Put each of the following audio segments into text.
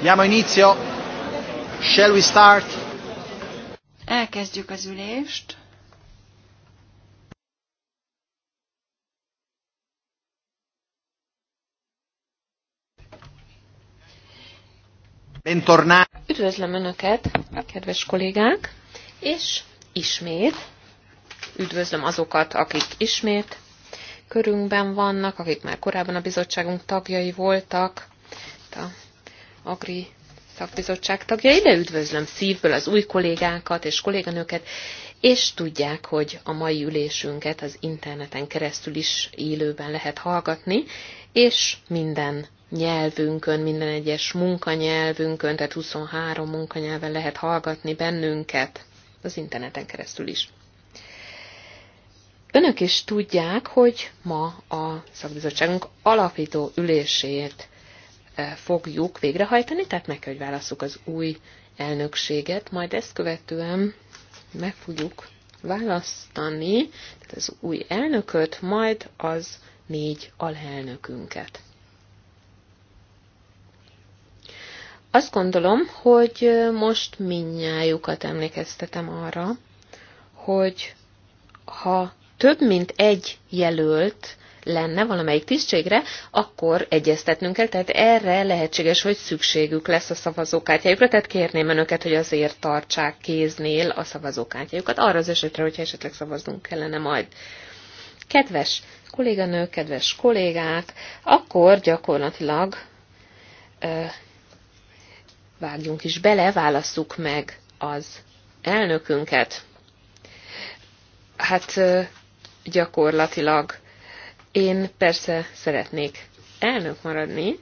Diamo inizio. Shall we start? Elkezdjük az ülést. Bentornati. Üdvözlöm Önöket, kedves kollégák, és ismét üdvözlöm azokat, akik ismét körünkben vannak, akik már korábban a bizottságunk tagjai voltak, a Agri szakbizottság tagja. Ide üdvözlöm szívből az új kollégákat és kolléganőket, és tudják, hogy a mai ülésünket az interneten keresztül is élőben lehet hallgatni, és minden nyelvünkön, minden egyes munkanyelvünkön, tehát 23 munkanyelven lehet hallgatni bennünket az interneten keresztül is. Önök is tudják, hogy ma a szakbizottságunk alapító ülését fogjuk végrehajtani, tehát meg kell, hogy válasszuk az új elnökséget, majd ezt követően meg fogjuk választani tehát az új elnököt, majd az négy alelnökünket. Azt gondolom, hogy most minnyájukat emlékeztetem arra, hogy ha több mint egy jelölt lenne valamelyik tisztségre, akkor egyeztetnünk kell, tehát erre lehetséges, hogy szükségük lesz a szavazókártyájukra, tehát kérném önöket, hogy azért tartsák kéznél a szavazókártyájukat, arra az esetre, hogyha esetleg szavaznunk kellene majd. Kedves kolléganők, kedves kollégák, akkor gyakorlatilag ö, vágjunk is bele, válasszuk meg az elnökünket. Hát ö, gyakorlatilag én persze szeretnék elnök maradni,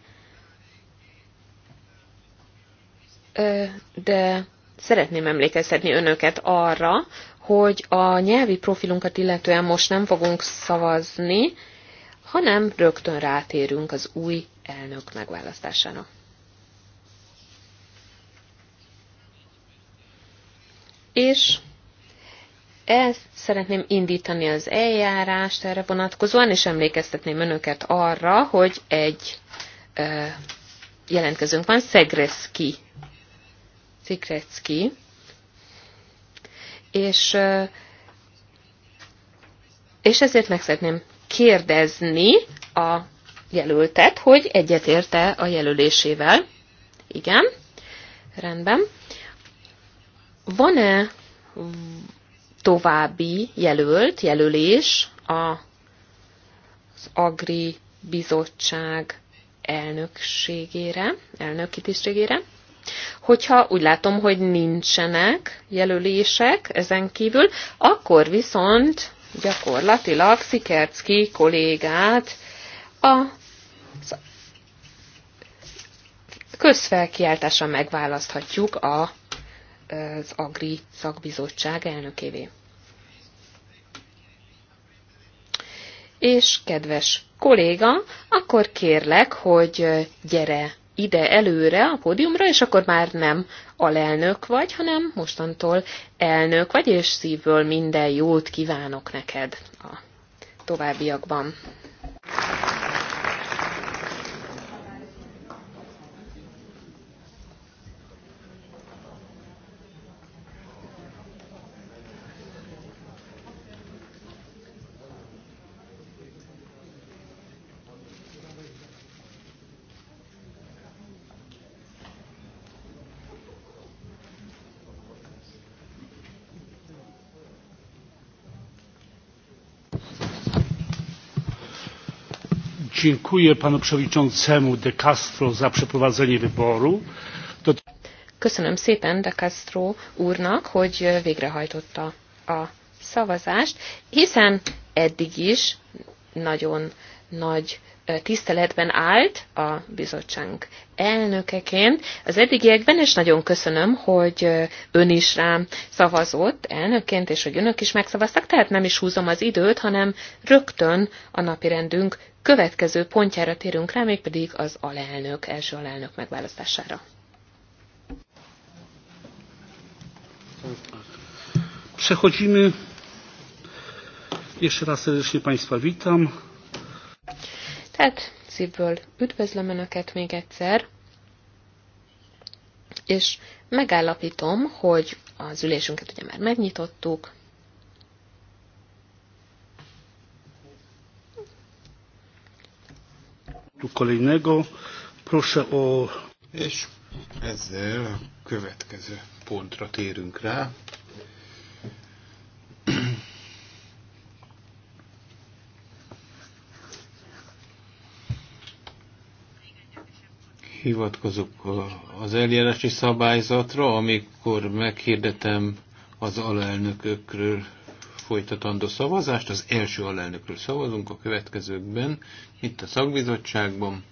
de szeretném emlékeztetni önöket arra, hogy a nyelvi profilunkat illetően most nem fogunk szavazni, hanem rögtön rátérünk az új elnök megválasztására. És ezt szeretném indítani az eljárást erre vonatkozóan, és emlékeztetném önöket arra, hogy egy ö, jelentkezőnk van, Szegreszki. Szegreszki. És, ö, és ezért meg szeretném kérdezni a jelöltet, hogy egyetérte a jelölésével. Igen, rendben. Van-e további jelölt, jelölés a, az Agri Bizottság elnökségére, elnöki tisztségére. Hogyha úgy látom, hogy nincsenek jelölések ezen kívül, akkor viszont gyakorlatilag Szikercki kollégát a közfelkiáltásra megválaszthatjuk a az Agri Szakbizottság elnökévé. És kedves kolléga, akkor kérlek, hogy gyere ide előre a pódiumra, és akkor már nem alelnök vagy, hanem mostantól elnök vagy, és szívből minden jót kívánok neked a továbbiakban. Dziękuję panu przewodniczącemu De Castro za przeprowadzenie wyboru. Köszönöm szépen De Castro úrnak, hogy végrehajtotta a szavazást, hiszen eddig is nagyon nagy tiszteletben állt a bizottság elnökeként. Az eddigiekben is nagyon köszönöm, hogy ön is rám szavazott elnökként, és hogy önök is megszavaztak, tehát nem is húzom az időt, hanem rögtön a napirendünk következő pontjára térünk rá, mégpedig az alelnök, első alelnök megválasztására. Przechodzimy. Jeszcze raz serdecznie Państwa witam. Hát szívből üdvözlöm Önöket még egyszer, és megállapítom, hogy az ülésünket ugye már megnyitottuk, kolejnego. Proszę o... És ezzel a következő pontra térünk rá. hivatkozok az eljárási szabályzatra, amikor meghirdetem az alelnökökről folytatandó szavazást. Az első alelnökről szavazunk a következőkben, itt a szakbizottságban.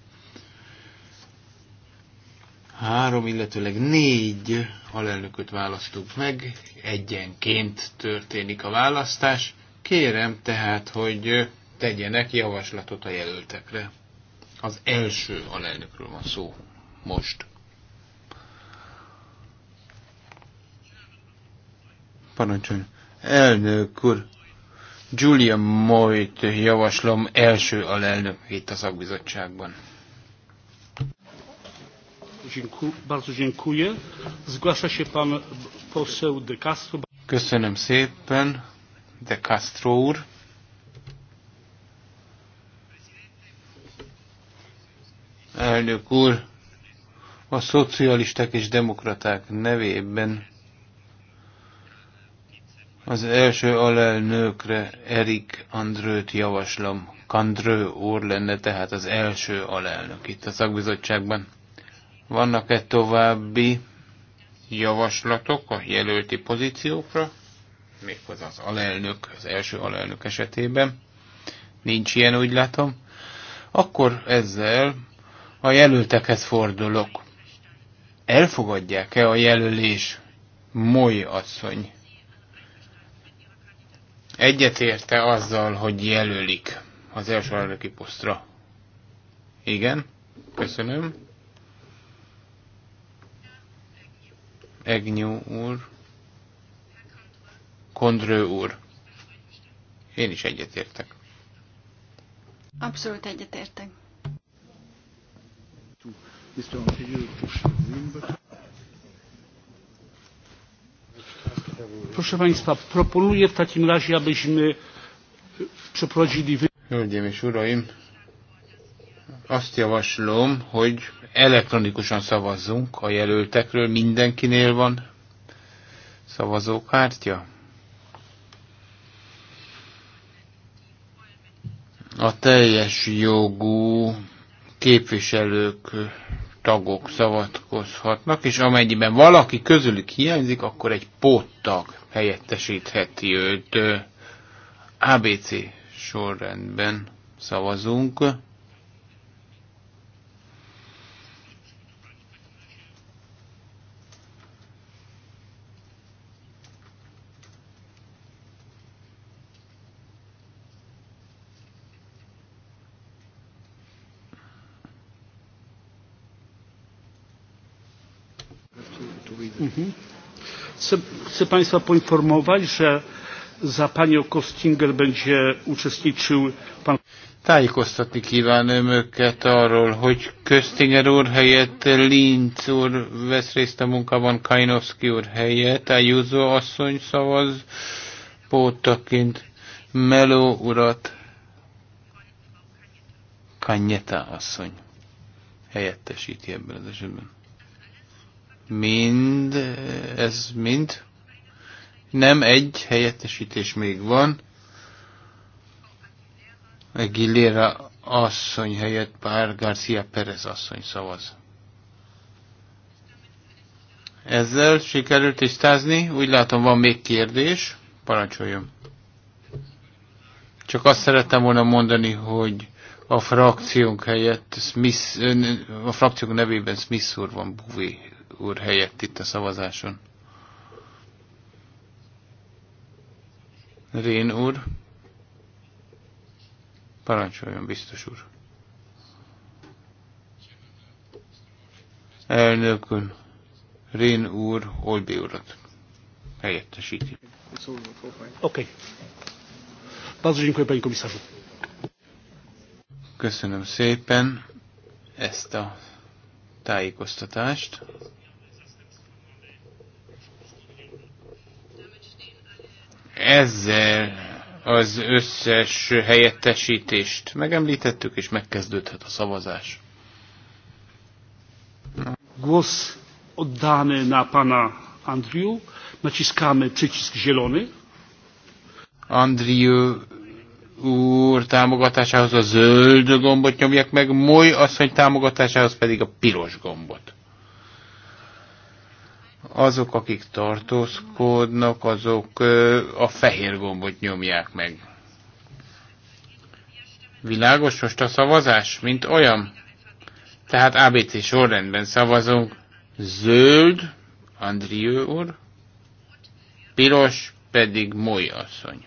Három, illetőleg négy alelnököt választunk meg, egyenként történik a választás. Kérem tehát, hogy tegyenek javaslatot a jelöltekre. Az első alelnökről van szó most. Parancsoljon. Elnök úr, Julia Moyt javaslom első alelnök itt a szakbizottságban. Castro. Köszönöm szépen, De Castro úr. elnök úr. A szocialisták és demokraták nevében az első alelnökre Erik Andrőt javaslom. Kandrő úr lenne tehát az első alelnök itt a szakbizottságban. Vannak-e további javaslatok a jelölti pozíciókra? Méghozzá az alelnök, az első alelnök esetében. Nincs ilyen, úgy látom. Akkor ezzel a jelöltekhez fordulok. Elfogadják-e a jelölés? Moly asszony. Egyetérte azzal, hogy jelölik az első elnöki posztra. Igen, köszönöm. Egnyú úr. Kondrő úr. Én is egyetértek. Abszolút egyetértek. Proszę Państwa, proponuję w takim razie, abyśmy przeprowadzili... Hölgyeim és Uraim, azt javaslom, hogy elektronikusan szavazzunk a jelöltekről. Mindenkinél van szavazókártya? A teljes jogú képviselők, tagok szavatkozhatnak, és amennyiben valaki közülük hiányzik, akkor egy póttag helyettesítheti őt. ABC sorrendben szavazunk. chcę państwa poinformować że za panią Kostinger będzie uczestniczył pan Tájékoztatni kívánom őket arról, hogy Köstinger úr helyett Linz úr vesz részt a munkában, Kajnowski úr helyett, Ayuso asszony szavaz, Pótaként Meló urat, Kanyeta asszony helyettesíti ebben az esetben. Mind, ez mind nem, egy helyettesítés még van. Aguilera asszony helyett pár Garcia Perez asszony szavaz. Ezzel sikerült tisztázni. Úgy látom, van még kérdés. Parancsoljon. Csak azt szerettem volna mondani, hogy a frakciónk helyett Smith, a frakciónk nevében Smith úr van Buvi úr helyett itt a szavazáson. Rén úr. Parancsoljon, biztos úr. Elnök úr. Rén úr, Olbi urat helyettesíti. Oké. Okay. Bardzo dziękuję, panie Köszönöm szépen ezt a tájékoztatást. ezzel az összes helyettesítést megemlítettük, és megkezdődhet a szavazás. Głos oddany na pana Andriu. Naciskamy przycisk zielony. Andriu úr támogatásához a zöld gombot nyomják meg, Moly asszony támogatásához pedig a piros gombot. Azok, akik tartózkodnak, azok a fehér gombot nyomják meg. Világos most a szavazás, mint olyan? Tehát ABC sorrendben szavazunk. Zöld, Andrió úr, piros pedig Moly asszony.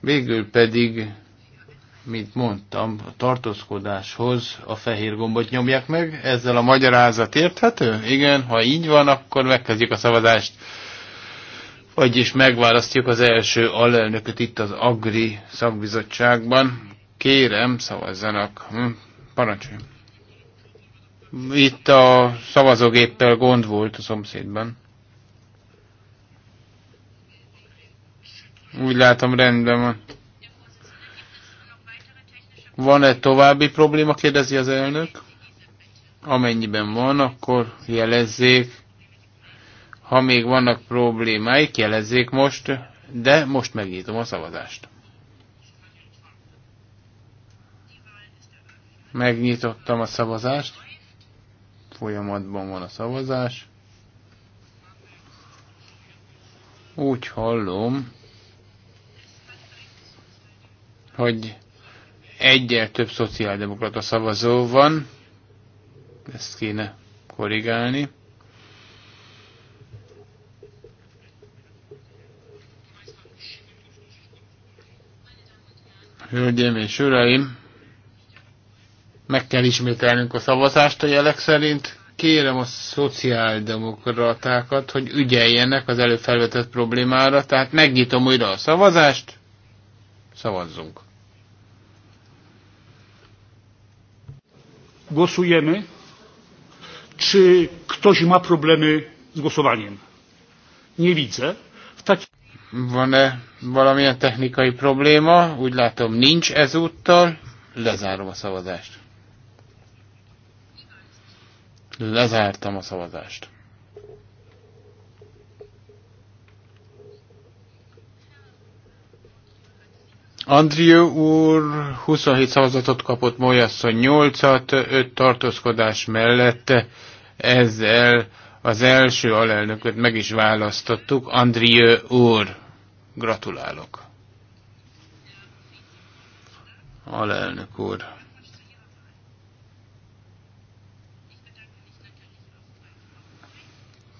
Végül pedig mint mondtam, a tartózkodáshoz a fehér gombot nyomják meg. Ezzel a magyarázat érthető? Igen, ha így van, akkor megkezdjük a szavazást. Vagyis megválasztjuk az első alelnököt itt az Agri szakbizottságban. Kérem, szavazzanak. Hm, parancsoljon. Itt a szavazógéppel gond volt a szomszédban. Úgy látom, rendben van. Van-e további probléma, kérdezi az elnök? Amennyiben van, akkor jelezzék. Ha még vannak problémáik, jelezzék most, de most megnyitom a szavazást. Megnyitottam a szavazást. Folyamatban van a szavazás. Úgy hallom, hogy egyel több szociáldemokrata szavazó van. Ezt kéne korrigálni. Hölgyeim és Uraim, meg kell ismételnünk a szavazást a jelek szerint. Kérem a szociáldemokratákat, hogy ügyeljenek az előfelvetett problémára, tehát megnyitom újra a szavazást, szavazzunk. Głosujemy. Czy ktoś ma problemy z głosowaniem? Nie widzę. W taki... Van-e valamilyen technikai probléma? Úgy látom, nincs ezúttal. Lezárom a szavazást. Lezártam a szavazást. Andrió úr 27 szavazatot kapott, Molyasszony 8-at, 5 tartózkodás mellett ezzel az első alelnököt meg is választottuk, Andrió úr. Gratulálok. Alelnök úr.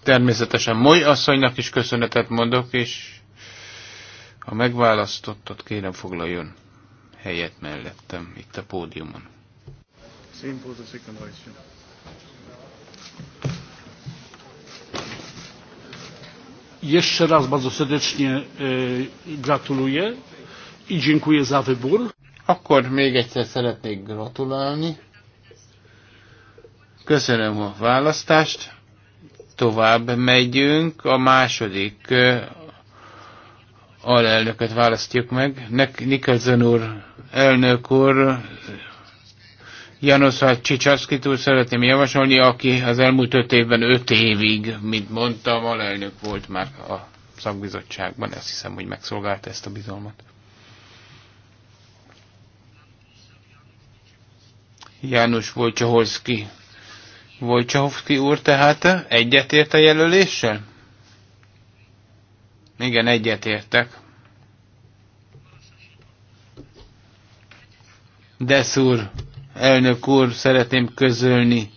Természetesen Moly asszonynak is köszönetet mondok, és a megválasztottat kérem foglaljon helyet mellettem, itt a pódiumon. Jeszcze raz bardzo serdecznie e, gratuluję i dziękuję za wybór. Akkor még egyszer szeretnék gratulálni. Köszönöm a választást. Tovább megyünk. A második e, alelnököt választjuk meg. Nek Nicholson úr, elnök úr, Janos Csicsaszkit úr szeretném javasolni, aki az elmúlt öt évben öt évig, mint mondtam, alelnök volt már a szakbizottságban. Ezt hiszem, hogy megszolgálta ezt a bizalmat. János Wojciechowski. Wojciechowski úr tehát egyetért a jelöléssel? Igen, egyetértek. De szúr, elnök úr, szeretném közölni,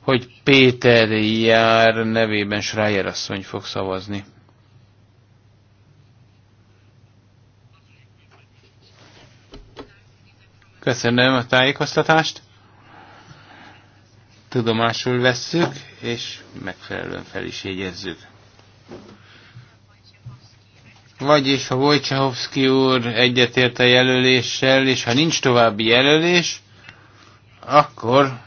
hogy Péter jár nevében Schreier asszony fog szavazni. Köszönöm a tájékoztatást. Tudomásul vesszük, és megfelelően fel is jegyezzük. Vagyis, ha Wojciechowski úr egyetért a jelöléssel, és ha nincs további jelölés, akkor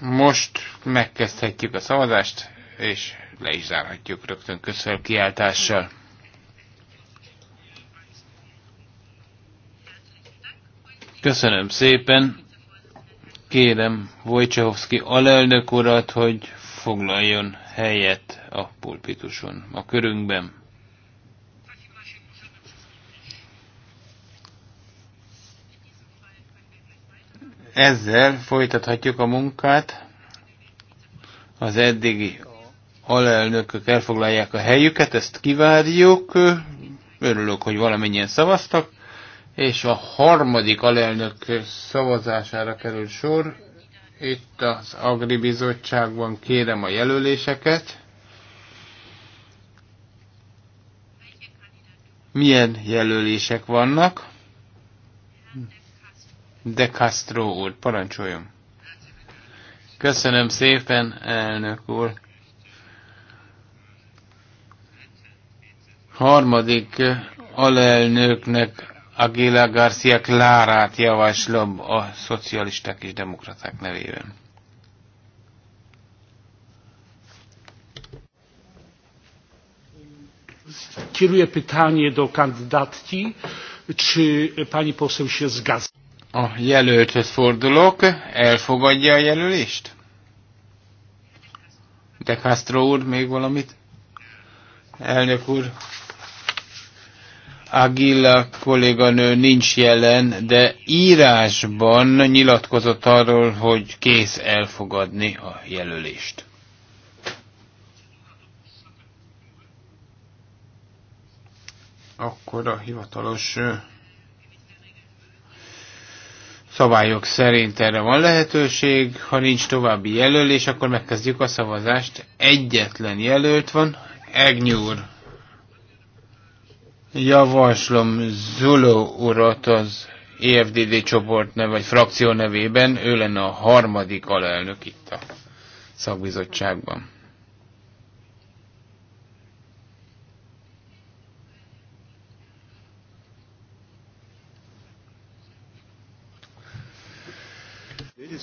most megkezdhetjük a szavazást, és le is zárhatjuk rögtön köszönöm kiáltással. Köszönöm szépen. Kérem Wojciechowski alelnök urat, hogy foglaljon helyet a pulpituson, a körünkben. Ezzel folytathatjuk a munkát. Az eddigi alelnökök elfoglalják a helyüket, ezt kivárjuk. Örülök, hogy valamennyien szavaztak. És a harmadik alelnök szavazására kerül sor. Itt az Agri Bizottságban kérem a jelöléseket. Milyen jelölések vannak? De Castro úr, parancsoljon. Köszönöm szépen, elnök úr. Harmadik alelnöknek Aguila Garcia Klárát javaslom a szocialisták és demokraták nevében. Kieruję pytanie do kandydatki, czy pani poseł się zgadza. A jelölthöz fordulok. Elfogadja a jelölést? De Castro úr, még valamit? Elnök úr, Agilla kolléganő nincs jelen, de írásban nyilatkozott arról, hogy kész elfogadni a jelölést. Akkor a hivatalos szabályok szerint erre van lehetőség, ha nincs további jelölés, akkor megkezdjük a szavazást. Egyetlen jelölt van, Egnyúr. Javaslom Zulu urat az EFDD csoport neve, vagy frakció nevében, ő lenne a harmadik alelnök itt a szakbizottságban.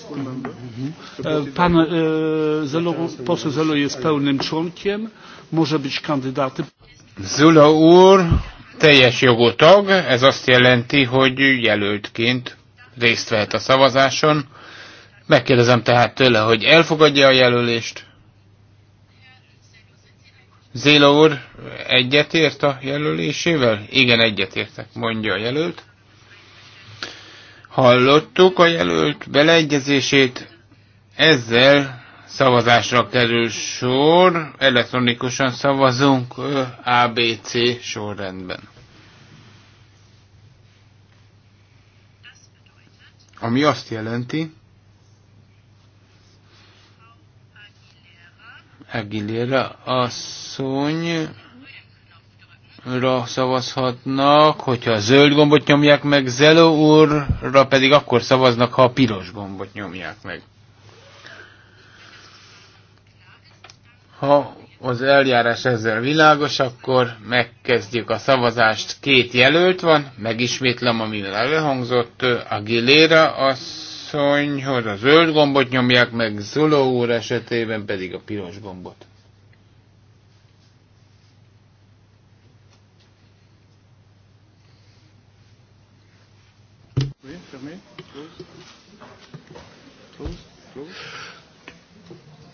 Mhm. E, pan e, Zelo, poseł Zelo jest pełnym członkiem, może być kandydatem. Zula úr teljes jogú tag, ez azt jelenti, hogy jelöltként részt vehet a szavazáson. Megkérdezem tehát tőle, hogy elfogadja a jelölést. Zéla úr egyetért a jelölésével? Igen, egyetértek, mondja a jelölt. Hallottuk a jelölt beleegyezését, ezzel szavazásra kerül sor, elektronikusan szavazunk ABC sorrendben. Ami azt jelenti, Aguilera asszony ra szavazhatnak, hogyha a zöld gombot nyomják meg, Zelo úrra pedig akkor szavaznak, ha a piros gombot nyomják meg. Ha az eljárás ezzel világos, akkor megkezdjük a szavazást. Két jelölt van, megismétlem, amivel elhangzott, Aguilera asszonyhoz a zöld gombot nyomják meg, Zulo úr esetében pedig a piros gombot.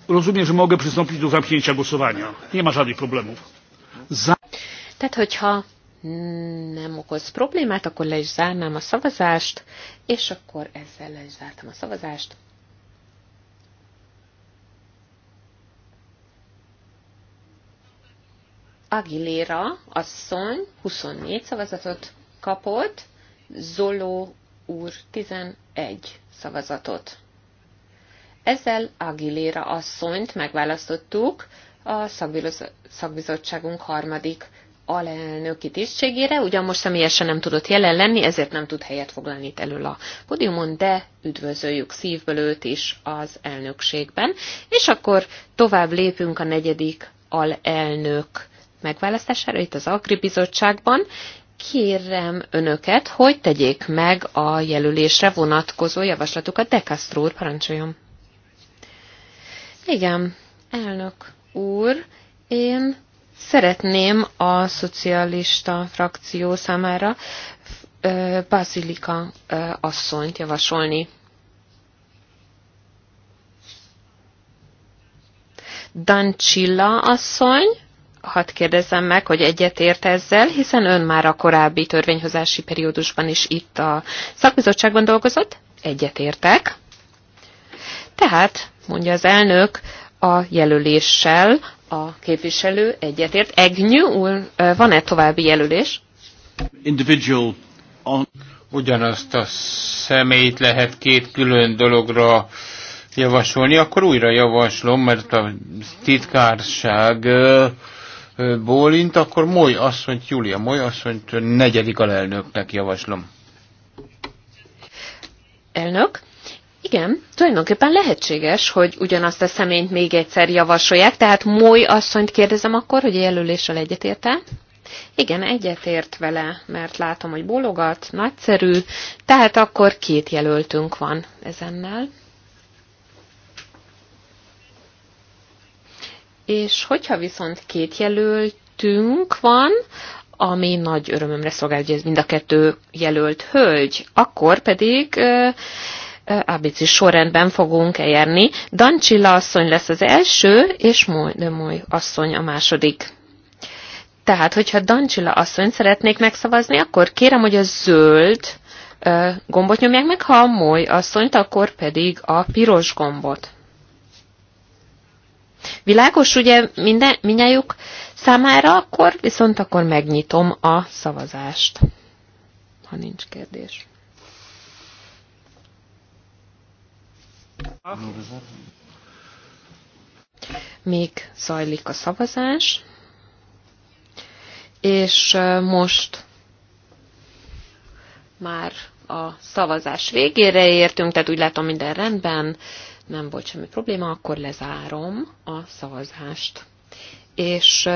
Rozumiem, że mogę przystąpić do zamknięcia głosowania. Nie ma żadnych problemów. Za... Tehát, hogyha nem okoz problémát, akkor le is zárnám a szavazást, és akkor ezzel le is zártam a szavazást. Aguilera asszony 24 szavazatot kapott, Zoló úr 11 szavazatot. Ezzel Aguilera asszonyt megválasztottuk a szakbizottságunk harmadik alelnöki tisztségére, ugyan most személyesen nem tudott jelen lenni, ezért nem tud helyet foglalni itt elől a podiumon, de üdvözöljük szívből őt is az elnökségben. És akkor tovább lépünk a negyedik alelnök megválasztására itt az Agri Bizottságban, kérem önöket, hogy tegyék meg a jelölésre vonatkozó javaslatukat. De Castro úr, parancsoljon. Igen, elnök úr, én szeretném a szocialista frakció számára Bazilika asszonyt javasolni. Dancilla asszony, hadd kérdezzem meg, hogy egyet ért ezzel, hiszen ön már a korábbi törvényhozási periódusban is itt a szakbizottságban dolgozott, egyet értek. Tehát, mondja az elnök, a jelöléssel a képviselő egyetért. Egnyű úr, van-e további jelölés? Individual on... Ugyanazt a személyt lehet két külön dologra javasolni, akkor újra javaslom, mert a titkárság bólint, akkor Moly asszonyt, Júlia Moly asszonyt negyedik alelnöknek javaslom. Elnök? Igen, tulajdonképpen lehetséges, hogy ugyanazt a személyt még egyszer javasolják, tehát Moly asszonyt kérdezem akkor, hogy a jelöléssel egyetérte? Igen, egyetért vele, mert látom, hogy bologat, nagyszerű, tehát akkor két jelöltünk van ezennel. És hogyha viszont két jelöltünk van, ami nagy örömömre szolgál, hogy ez mind a kettő jelölt hölgy, akkor pedig ABC sorrendben fogunk eljárni. Dancsilla asszony lesz az első, és Moly, de Moly asszony a második. Tehát, hogyha Dancsilla asszony szeretnék megszavazni, akkor kérem, hogy a zöld gombot nyomják meg, ha a Moly asszonyt, akkor pedig a piros gombot világos ugye minden, minnyájuk számára, akkor viszont akkor megnyitom a szavazást, ha nincs kérdés. Még zajlik a szavazás, és most már a szavazás végére értünk, tehát úgy látom minden rendben, nem volt semmi probléma, akkor lezárom a szavazást. És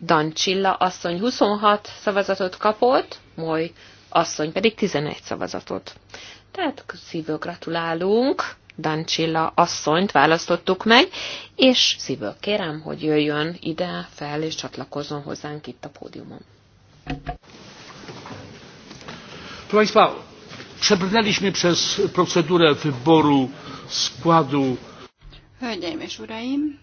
Dancsilla asszony 26 szavazatot kapott, Moly asszony pedig 11 szavazatot. Tehát szívből gratulálunk, Dancsilla asszonyt választottuk meg, és szívből kérem, hogy jöjjön ide fel és csatlakozzon hozzánk itt a pódiumon. Proszę Przebrnęliśmy przez procedurę wyboru składu. Hölgyeim és uraim!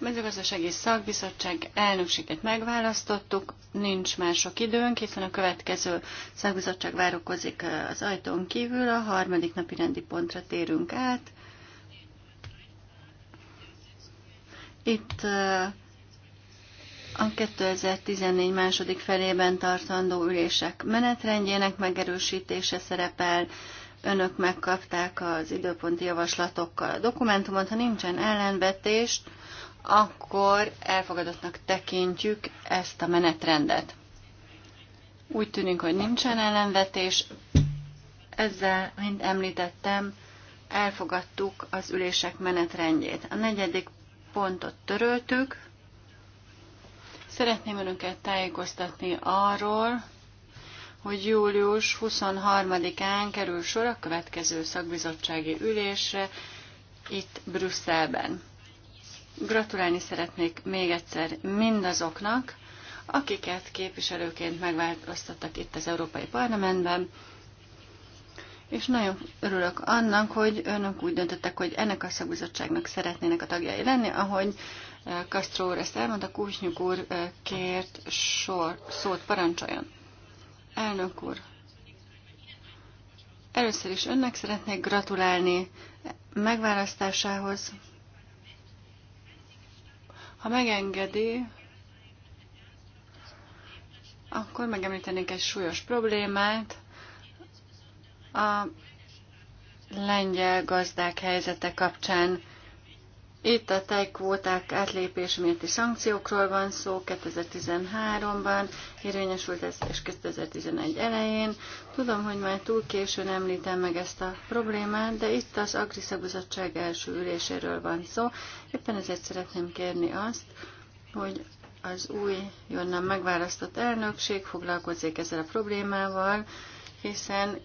A mezőgazdasági szakbizottság elnökséget megválasztottuk, nincs már sok időnk, hiszen a következő szakbizottság várokozik az ajtón kívül, a harmadik napi rendi pontra térünk át. Itt uh, a 2014 második felében tartandó ülések menetrendjének megerősítése szerepel. Önök megkapták az időponti javaslatokkal a dokumentumot. Ha nincsen ellenvetést, akkor elfogadottnak tekintjük ezt a menetrendet. Úgy tűnik, hogy nincsen ellenvetés. Ezzel, mint említettem, elfogadtuk az ülések menetrendjét. A negyedik pontot töröltük, Szeretném önöket tájékoztatni arról, hogy július 23-án kerül sor a következő szakbizottsági ülésre itt Brüsszelben. Gratulálni szeretnék még egyszer mindazoknak, akiket képviselőként megváltoztattak itt az Európai Parlamentben, és nagyon örülök annak, hogy önök úgy döntöttek, hogy ennek a szakbizottságnak szeretnének a tagjai lenni, ahogy Castro úr ezt elmondta, Kúsnyuk úr kért sor, szót parancsoljon. Elnök úr, először is önnek szeretnék gratulálni megválasztásához. Ha megengedi, akkor megemlítenék egy súlyos problémát, a lengyel gazdák helyzete kapcsán itt a tejkvóták átlépés miatti szankciókról van szó, 2013-ban érvényesült ez, és 2011 elején. Tudom, hogy már túl későn említem meg ezt a problémát, de itt az Agriszabizottság első üléséről van szó. Éppen ezért szeretném kérni azt, hogy az új, jönnem megválasztott elnökség foglalkozik ezzel a problémával, hiszen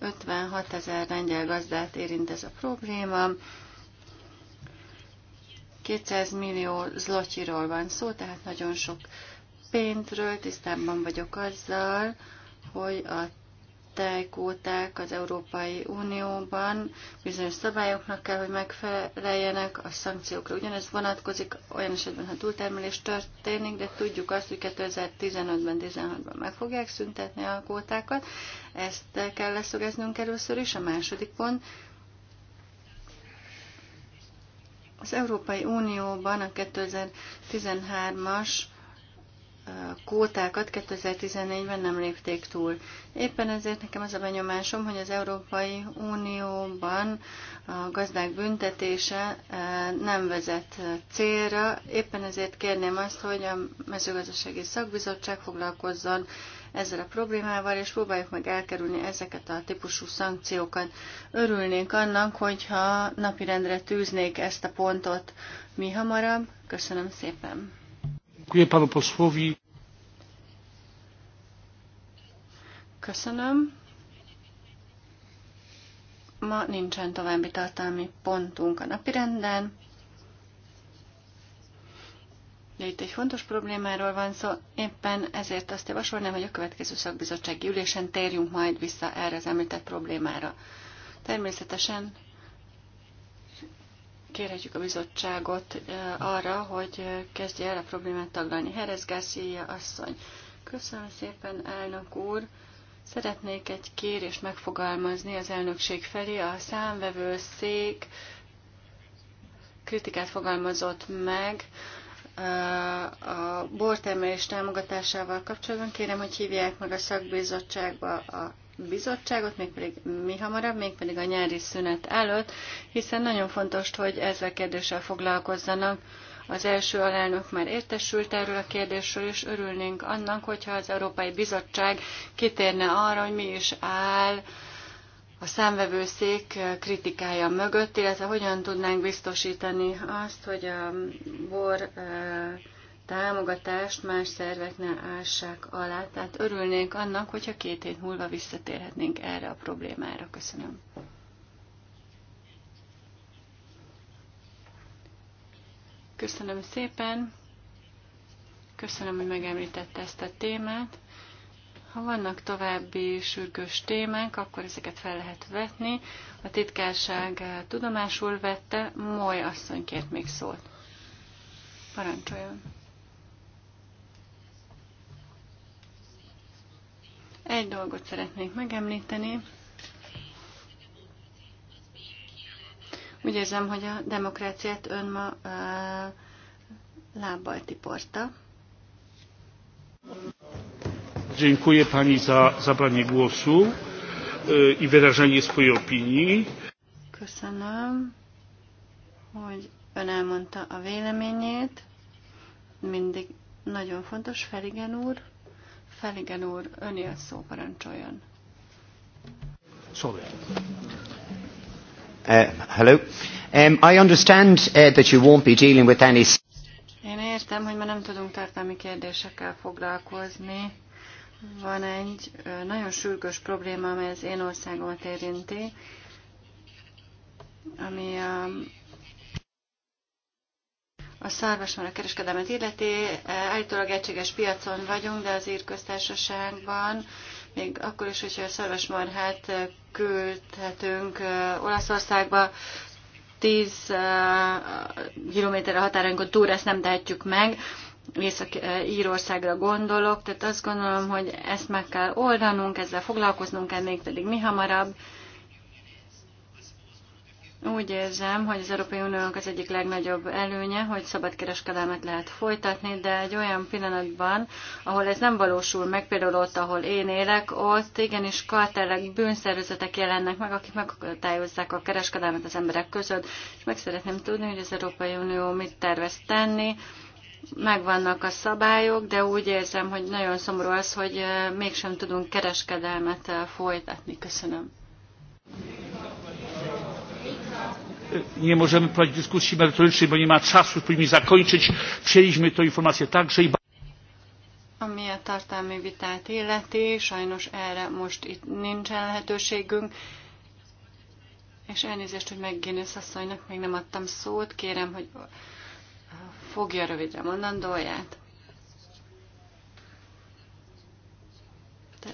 56 ezer lengyel gazdát érint ez a probléma, 200 millió zlotyiról van szó, tehát nagyon sok pénzről tisztában vagyok azzal, hogy a tejkóták az Európai Unióban bizonyos szabályoknak kell, hogy megfeleljenek, a szankciókra ugyanez vonatkozik, olyan esetben, ha túltermelés történik, de tudjuk azt, hogy 2015-ben, 16-ban meg fogják szüntetni a kótákat. Ezt kell leszögeznünk először is, a második pont, Az Európai Unióban a 2013-as kótákat 2014-ben nem lépték túl. Éppen ezért nekem az a benyomásom, hogy az Európai Unióban a gazdák büntetése nem vezet célra. Éppen ezért kérném azt, hogy a mezőgazdasági szakbizottság foglalkozzon ezzel a problémával, és próbáljuk meg elkerülni ezeket a típusú szankciókat. Örülnénk annak, hogyha napirendre tűznék ezt a pontot mi hamarabb. Köszönöm szépen. Köszönöm. Ma nincsen további tartalmi pontunk a napirenden. Ugye itt egy fontos problémáról van szó, éppen ezért azt javasolnám, hogy a következő szakbizottsági ülésen térjünk majd vissza erre az említett problémára. Természetesen kérhetjük a bizottságot arra, hogy kezdje el a problémát taglalni. Herez Garcia asszony. Köszönöm szépen, elnök úr. Szeretnék egy kérés megfogalmazni az elnökség felé. A szék kritikát fogalmazott meg a bortermelés támogatásával kapcsolatban kérem, hogy hívják meg a szakbizottságba a bizottságot, mégpedig mi hamarabb, mégpedig a nyári szünet előtt, hiszen nagyon fontos, hogy ezzel kérdéssel foglalkozzanak. Az első alelnök már értesült erről a kérdésről, és örülnénk annak, hogyha az Európai Bizottság kitérne arra, hogy mi is áll a számvevőszék kritikája mögött, illetve hogyan tudnánk biztosítani azt, hogy a bor támogatást más szervek ne ássák alá. Tehát örülnénk annak, hogyha két hét múlva visszatérhetnénk erre a problémára. Köszönöm. Köszönöm szépen. Köszönöm, hogy megemlítette ezt a témát. Ha vannak további sürgős témák, akkor ezeket fel lehet vetni. A titkárság tudomásul vette, Moly asszonykért még szólt. Parancsoljon! Egy dolgot szeretnék megemlíteni. Úgy érzem, hogy a demokráciát ön ma uh, lábbal tiporta. Dziękuję pani za zabranie głosu i wyrażenie swojej opinii. Köszönöm, hogy ön elmondta a véleményét. Mindig nagyon fontos, Feligen úr. Feligen úr, öné szó, parancsoljon. Sorry. Uh, hello. Um, I understand uh, that you won't be dealing with any... Én értem, hogy ma nem tudunk tartalmi kérdésekkel foglalkozni, van egy nagyon sürgős probléma, amely az én országomat érinti, ami a, a szarvasmarha kereskedelmet illeti. Állítólag egységes piacon vagyunk, de az írköztársaságban, még akkor is, hogyha a szarvasmarhát küldhetünk Olaszországba, 10 kilométerre határunkon túl ezt nem tehetjük meg. Észak-Írországra gondolok, tehát azt gondolom, hogy ezt meg kell oldanunk, ezzel foglalkoznunk kell mégpedig mi hamarabb. Úgy érzem, hogy az Európai Uniónak az egyik legnagyobb előnye, hogy szabadkereskedelmet lehet folytatni, de egy olyan pillanatban, ahol ez nem valósul meg, például ott, ahol én élek, ott igenis kartellek, bűnszervezetek jelennek meg, akik megakadályozzák a kereskedelmet az emberek között, és meg szeretném tudni, hogy az Európai Unió mit tervez tenni megvannak a szabályok, de úgy érzem, hogy nagyon szomorú az, hogy mégsem tudunk kereskedelmet folytatni. Köszönöm. Nie możemy prowadzić dyskusji merytorycznej, bo nie ma czasu, powinniśmy zakończyć. Przyjęliśmy tę informację także i... Ami a tartalmi vitát illeti, sajnos erre most itt nincsen lehetőségünk. És elnézést, hogy meg Guinness asszonynak még nem adtam szót. Kérem, hogy fogja rövidre mondandóját.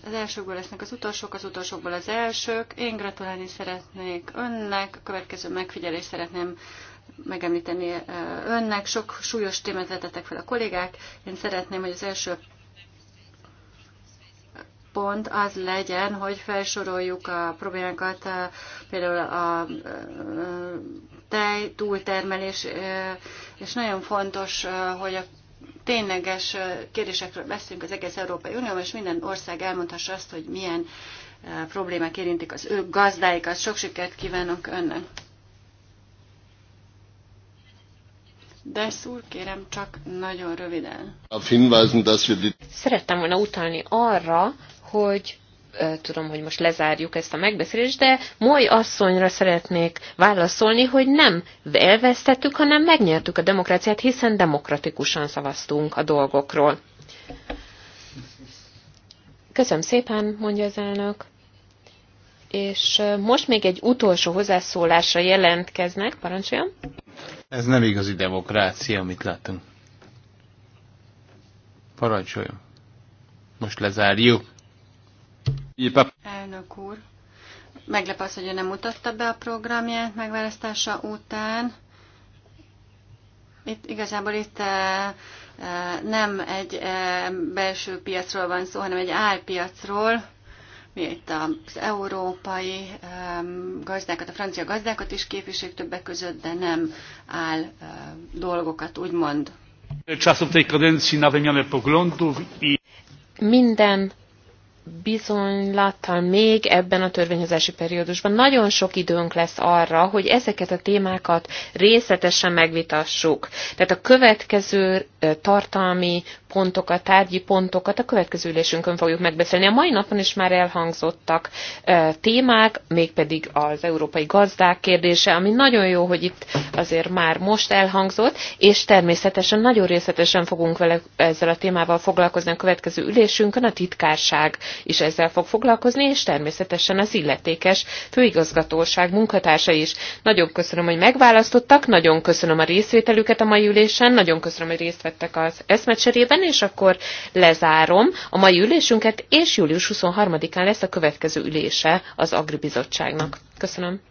Az elsőkből lesznek az utolsók, az utolsókból az elsők. Én gratulálni szeretnék önnek, a következő megfigyelést szeretném megemlíteni eh, önnek. Sok súlyos témát vetettek fel a kollégák. Én szeretném, hogy az első pont az legyen, hogy felsoroljuk a problémákat, eh, például a eh, tej, túltermelés, és nagyon fontos, hogy a tényleges kérdésekről beszélünk az egész Európai Unióban, és minden ország elmondhassa azt, hogy milyen problémák érintik az ő gazdáikat. Sok sikert kívánok önnek! De szúr, kérem, csak nagyon röviden. Szerettem volna utalni arra, hogy tudom, hogy most lezárjuk ezt a megbeszélést, de Moly asszonyra szeretnék válaszolni, hogy nem elvesztettük, hanem megnyertük a demokráciát, hiszen demokratikusan szavaztunk a dolgokról. Köszönöm szépen, mondja az elnök. És most még egy utolsó hozzászólásra jelentkeznek, parancsoljon. Ez nem igazi demokrácia, amit látunk. Parancsoljon. Most lezárjuk. Elnök úr, meglep az, hogy ő nem mutatta be a programját megválasztása után. Itt igazából itt e, e, nem egy e, belső piacról van szó, hanem egy álpiacról. Mi itt az európai gazdákat, a francia gazdákat is képviseljük többek között, de nem áll dolgokat, úgymond. Minden bizonylattal még ebben a törvényhozási periódusban nagyon sok időnk lesz arra, hogy ezeket a témákat részletesen megvitassuk. Tehát a következő tartalmi pontokat, tárgyi pontokat a következő ülésünkön fogjuk megbeszélni. A mai napon is már elhangzottak témák, mégpedig az európai gazdák kérdése, ami nagyon jó, hogy itt azért már most elhangzott, és természetesen nagyon részletesen fogunk vele ezzel a témával foglalkozni a következő ülésünkön, a titkárság is ezzel fog foglalkozni, és természetesen az illetékes főigazgatóság munkatársa is. Nagyon köszönöm, hogy megválasztottak, nagyon köszönöm a részvételüket a mai ülésen, nagyon köszönöm, hogy részt vettek az eszmecserében, és akkor lezárom a mai ülésünket, és július 23-án lesz a következő ülése az Agribizottságnak. Köszönöm.